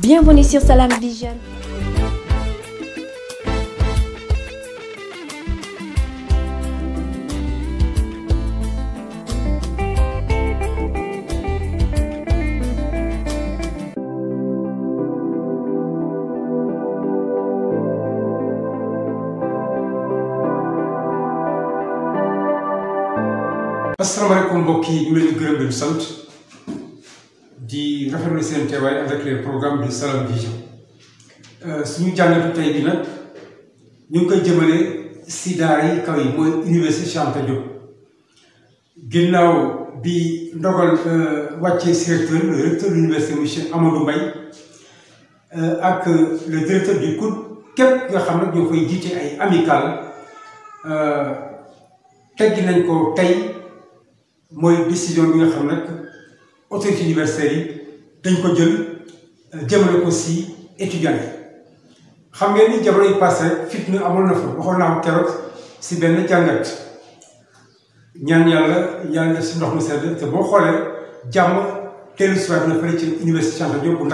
Bienvenue sur Salam Vision. asalaamaaleykum mbokk yi ñu leen di gërëm di sant. di rafetlu seen teewaay avec les programmes de Vision euh, suñu jàngatu tey bi nag ñu ngi koy jëmale si daara yi kaw yi mooy université Cheikh Anta ginnaaw bi ndogal euh, wàccee si recteur le recteur de l'université monsieur Amadou Mbaye euh, ak le directeur du COUD képp nga xam ne ñoo koy jiite ay amical teggi nañ ko tey mooy décision bi nga xam nag autorités universitaires yi dañ ko jël euh, jëmale ko si étudiants yi xam nga ni jamono yi passé fitna amoon na fa waxoon naa ko keroog si benn jàngat ñaan yàlla yàlla def si ndox mu sedd te boo xoolee jàmm teel suwaat na fële ci université Cheikh Anta Diop bu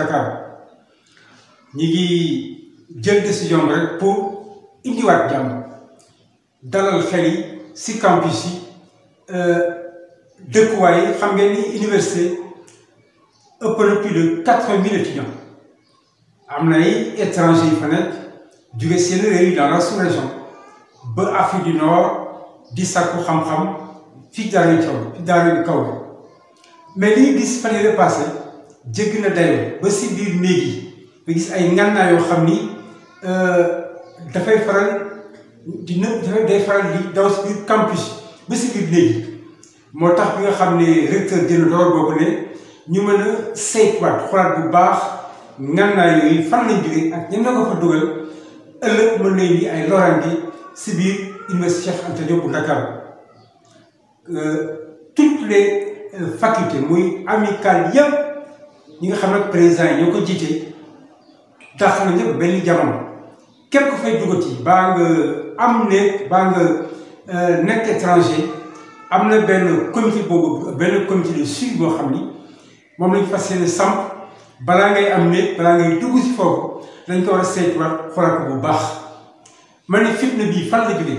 ñu ngi jël décision bi rek pour indiwaat jàmm dalal xel yi si campus yi euh, dëkkuwaay xam ngeen ni université ëpp na plus de quatre-vingt mille étudiants am na ay étrangers yu fa nekk jóge seen réew yi dans la région ba Afrique du Nord di sàkku xam-xam fii daaru caw fii kaw mais li ñu gis na dayoo ba si biir néeg yi nga gis ay ngannaa yoo xam ni euh, dafay faral di dafay day faral di daw si campus ba si biir moo tax bi nga xam ne recteur jël dogal boobu ne ñu mën a saytuwaat xoolaat bu baax ngànnaay yooyu fan lañ jógee ak ñenn na ko fa dugal ëllëg mën nañu ni ay loraange si biir université Cheikh Anta Diop euh, les euh, facultés muy amicale yëpp ñi nga xam ne président yi ñoo ko jiite tax na ñëpp benn jamono képp ku fay dugati baa nga am ne baa nga euh, nekk étranger am na benn comité boobu benn comité de suivi boo xam ni moom lañ fas yéene samp balaa ngay am ne balaa ngay dugg ci foofu dañ ko war a saytuwaat xoolal ko bu baax ma ni fitna bii fan la jógee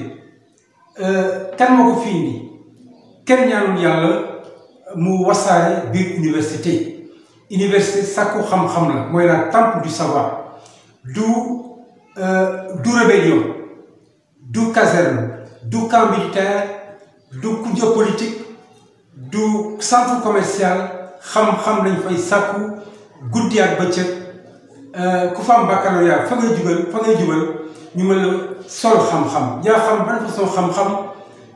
euh, kan moo ko fi indi kenn ñaanul yàlla mu wasaare biir université université sàkku xam-xam la mooy la temple du savoir du euh, du rébellion du caserne du camp du kujje politique du centre commercial xam-xam lañ fay sàkku guddi ak bëccëg euh, ku fa am baccalauréat fa ngay jubal fa ngay jubal ñu ma la sol xam-xam yaa xam ban façon xam-xam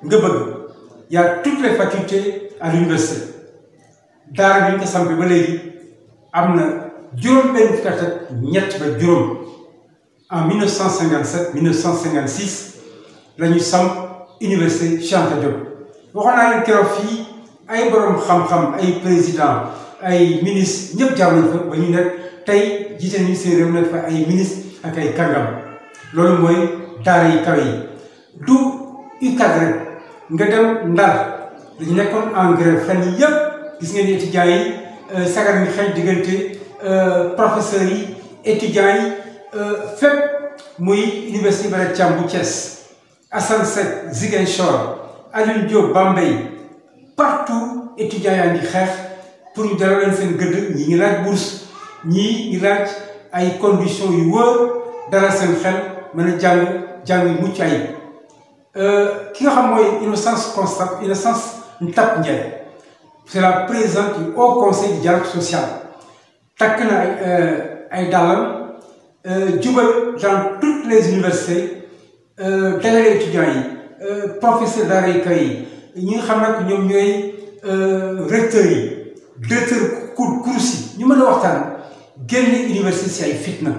nga bëgg yaa toutes les facultés à l'université daara ñu ko samp ba léegi am na juróom benn fukki at ak ñett ba juróom en 1957 1956 la ñu samp université Cheikh Anta Diop waxoon naa leen keroog fii ay borom xam-xam ay président ay ministre ñëpp jaar nañ fa ba nekk tey jiite nañu seen réew nekk fa ay ministre ak ay kàngam loolu mooy daara yu kaw yi du UCAD rek nga dem ndar dañu nekkoon engrais grève fan yi yëpp gis ngeen étudiants yi euh, sagar ngi xëy diggante euh, professeurs yi étudiants yi euh, fépp muy université Iba Der Thiam bu Thiès Assane Alioune Diop Bambey partout étudiants yaa ngi xeex pour ñu dara leen seen gëdd ñi ngi laaj bourse ñii ngi laaj ay conditions yu wóor dara seen xel mën a jàng jàng yu mucc ayib euh, ki nga xam mooy Innocence Constant Innocence Ntap Ndiaye c'est la présidente du Haut Conseil du dialogue social takk na ay euh, ay dàllam euh, jubal dans toutes les universités délégué étudiants yi Euh, professeur daara yi yi ñi nga xam nag ñoom ñooy euh, recteurs yi directeur cour cours ñu mën a waxtaan génne université si ay fitna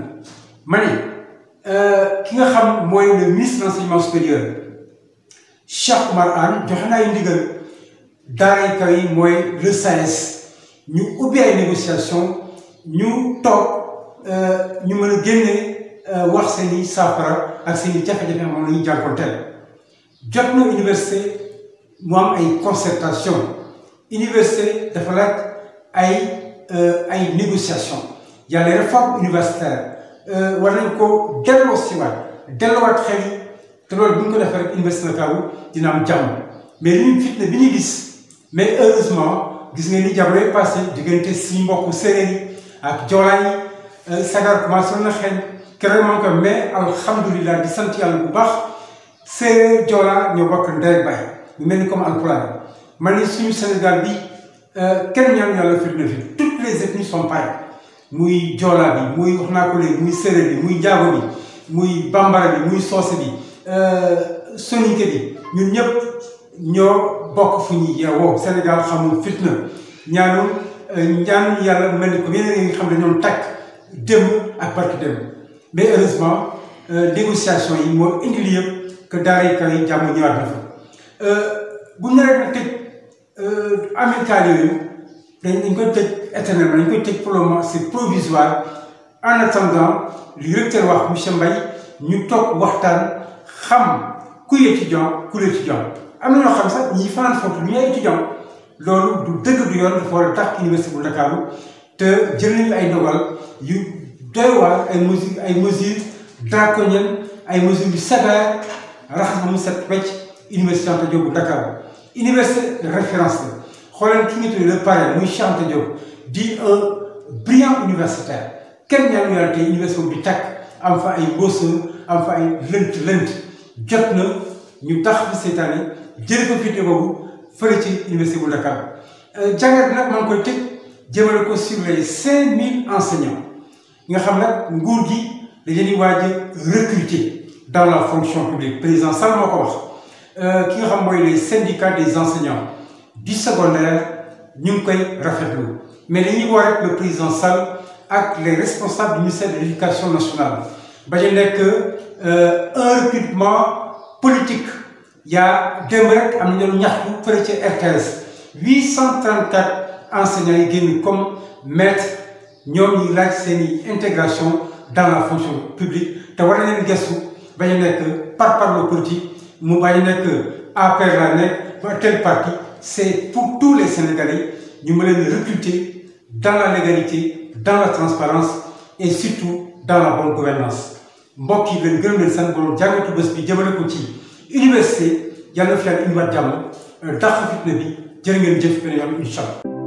ma ne euh, ki nga xam mooy le ministre de l'enseignement supérieur chaque Oumar Anne jox naa yu ndigal yi kaw yi mooy le SAES e ñu ubbi ay négociation ñu toog ñu mën a génne wax seen saafara ak seen i jafe-jafe moom la ñu jot na université mu am ay concertation université dafa laaj ay euh, ay négociation yàlla réforme universitaire euh, war nañ ko delloosiwaat dellowaat xel yi te loolu bu ñu ko defee rek université Ndakaaru dina am jàmm mais li ñu fitna bi ñu gis mais heureusement gis ngeen ni jamonoy passé diggante si mbokku séeréer yi ak joolaa yi euh, sagar commencé na xeeñ keroog maa ngi mais alhamdulilah di sant yàlla bu baax séeréer joola ñoo bokk ndey bay ñu mel ni comme alpulaar ma ni suñu Sénégal bi euh, kenn ñaan yàlla firnde fi toutes les ethnies sont muy joola bi muy wax naa ko léegi muy séeréer bi muy jaago bi muy bambara bi muy soose bi euh, soninke bi ñun ñëpp ñoo bokk fu ñuy yeewoo Sénégal xamul fitna ñaanul euh, ñaan yàlla mel ni comme yeneen yi xam ne ñoom takk démb ak barki démb mais heureusement négociation yi moo indi yëpp que daaray kaw yi jàmm ñëwaat na euh, bu ñu rek tëj euh, amicale yooyu dañ koy tëj éternellement dañ koy tëj pour le moment c'est provisoire en attendant li recteur wax monsieur Mbaye ñu toog waxtaan xam kuy ku étudiant am na ñoo xam sax ñi fanaan loolu du dëgg du yoon dafa war a tax bu Ndakaaru te jël nañu ay dogal yu doy waar ay mesures ay mesures draconiennes ay mesures yu sévères raxas ba mu set wecc université Anta Diop bu Dakar université référence la xooleen ki ñu tuddee le parrain muy Cheikh Anta Diop di un brillant universitaire kenn ñaanu yàlla tey université bi tàkk am fa ay mboose am fa ay lënt lënt jot na ñu tax fi seetaane jël ko fii boobu fële ci université bu Dakar jàngat nag maa ngi koy tëj jëmale ko sur les mille enseignants nga xam nag nguur gi dañu leen di waaj recruter. dans la fonction publique président Sall moo ko wax euh, ki nga xam mooy les syndicats des enseignants du secondaire ñu ngi koy rafetlu mais dañuy war rek le président Sall ak les responsables du ministère de l'éducation nationale ba ñu nekk euh, un recrutement politique yaa démb rek am nañu ñaxtu fële ci RTS 834 enseignants yi génn comme maître ñoom ñi laaj seeni i intégration dans la fonction publique te war nañu gëstu bañ a nekk par parlo politique mu bañ a nekk APR la nekk ba tel c'est pour tous les Sénégalais ñu mën leen recruter dans la légalité dans la transparence et surtout dans la bonne gouvernance mbokk yi leen gërëm leen sant borom jàngatu bés bi jëmale ko ci université yàlla na fi yàlla indiwaat jàmm dàq euh, fitna bi jërë ngeen jëf beneen yoon incha